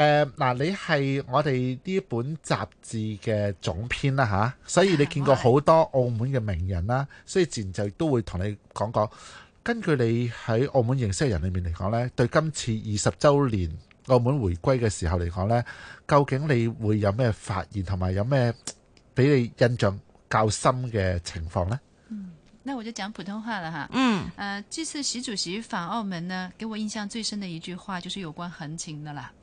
誒嗱、嗯，你係我哋呢本雜誌嘅總編啦嚇、啊，所以你見過好多澳門嘅名人啦，所以自然就都會同你講講。根據你喺澳門認識人裏面嚟講呢，對今次二十週年澳門回歸嘅時候嚟講呢，究竟你會有咩發現，同埋有咩俾你印象較深嘅情況呢？嗯，那我就講普通話啦嚇。嗯、啊，這次習主席訪澳門呢，給我印象最深的一句話，就是有關行情嘅啦。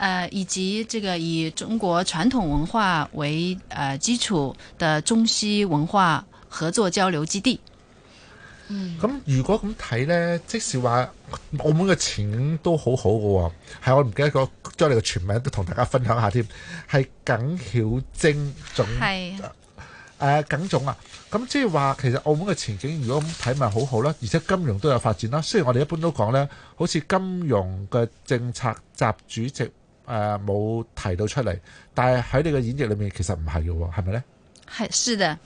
誒，以及這個以中國傳統文化為誒、呃、基礎的中西文化合作交流基地。嗯，咁如果咁睇呢，即使話澳門嘅前景都很好好嘅，哦，係我唔記得個將你嘅全名都同大家分享一下添。係耿曉徵總，係誒是、呃、耿總啊，咁即係話其實澳門嘅前景如果咁睇咪好好啦，而且金融都有發展啦。雖然我哋一般都講呢，好似金融嘅政策習主席。誒冇、呃、提到出嚟，但係喺你嘅演繹裏面其實唔係嘅喎，係咪呢？係是的，誒、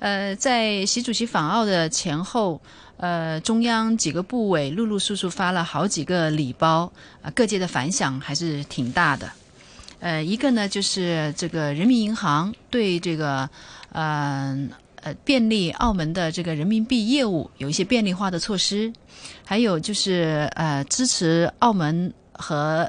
呃，在習主席訪澳的前後，誒、呃、中央幾個部委陸陸續續發了好幾個禮包，各界的反響還是挺大的。誒、呃、一個呢，就是這個人民銀行對這個，嗯、呃，誒便利澳門的這個人民幣業務有一些便利化的措施，還有就是誒、呃、支持澳門和。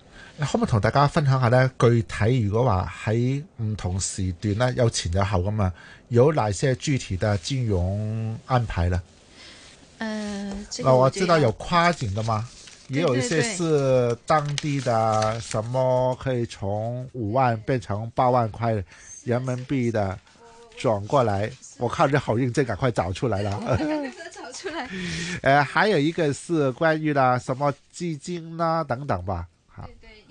可唔可以同大家分享下呢？具體如果話喺唔同時段呢，有前有後咁啊？有哪些具體的金融安排呢？誒、呃，這個、我知道有跨境的嘛，對對對，也有一些是當地的，什麼可以從五萬變成八萬塊人民幣的轉過來。我看，你好認真、啊，趕快找出來了。找出來。誒，還有一個是關於啦，什麼基金啦、啊、等等吧。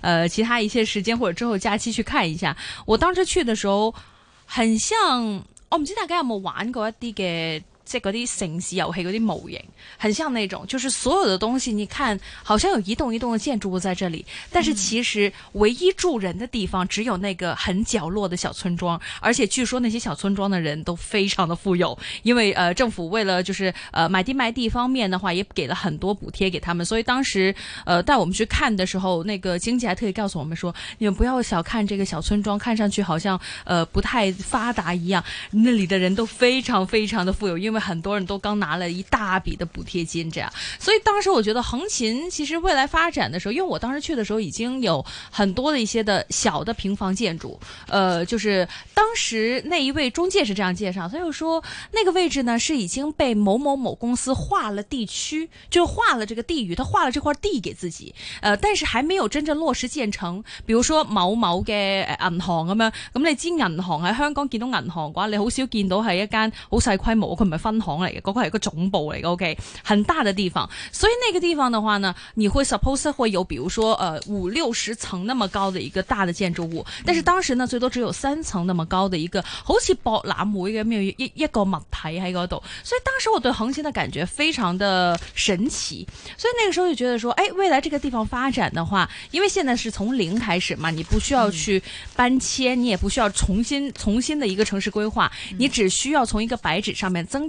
呃，其他一些時間或者之後假期去看一下。我當時去的時候，很像哦，我不知道大家有冇玩過一啲嘅。即嗰啲城市遊戲，嗰啲模型，很像那種，就是所有的東西，你看好像有一棟一棟的建築物在這裡，但是其實唯一住人的地方只有那個很角落的小村莊，而且據說那些小村莊的人都非常的富有，因為呃政府為了就是呃買地賣地方面的話，也給了很多補貼給他們，所以當時呃帶我們去看的時候，那個經濟還特意告訴我們說，你們不要小看這個小村莊，看上去好像呃不太發達一樣，那裡的人都非常非常的富有，因為因為很多人都剛拿了一大筆的補貼金，這樣，所以當時我覺得橫琴其實未來發展的時候，因為我當時去的時候已經有很多的一些的小的平房建築，呃，就是當時那一位中介是這樣介紹，他就說那個位置呢是已經被某某某公司劃了地區，就劃了這個地域，他劃了這塊地給自己，呃，但是還沒有真正落實建成，比如說某某嘅銀行咁樣。咁你知銀行喺香港見到銀行嘅話，你好少見到係一間好細規模，佢唔分行嚟嘅，嗰個係一個總部嚟嘅，OK，很大的地方。所以那個地方的話呢，你會 suppose 會有，比如說，呃，五六十層那麼高的一個大的建築物。但是當時呢，最多只有三層那麼高的一個，好似博覽一個面一一個物體喺嗰度。所以當時我對橫琴的感覺非常的神奇。所以那個時候就覺得說，哎，未來這個地方發展的話，因為現在是從零開始嘛，你不需要去搬遷，你也不需要重新重新的一個城市規劃，你只需要從一個白紙上面增。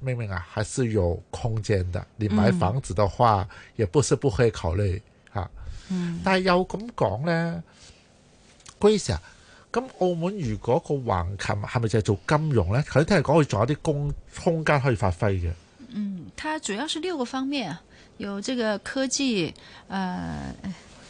明明啊，還是有空間的。你買房子的話，嗯、也不是不可以考慮、啊、嗯，但係又咁講咧，Grace 啊，咁澳門如果個橫琴係咪就係做金融咧？佢都係講佢仲有啲工空間可以發揮嘅。嗯，它主要是六個方面，有這個科技，誒、呃。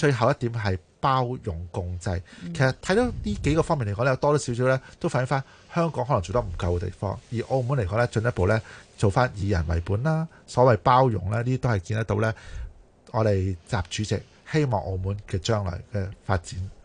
最後一點係包容共濟，其實睇到呢幾個方面嚟講咧，有多多少少咧，都反映翻香港可能做得唔夠嘅地方。而澳門嚟講咧，進一步咧做翻以人為本啦，所謂包容咧，呢啲都係見得到咧。我哋習主席希望澳門嘅將來嘅發展。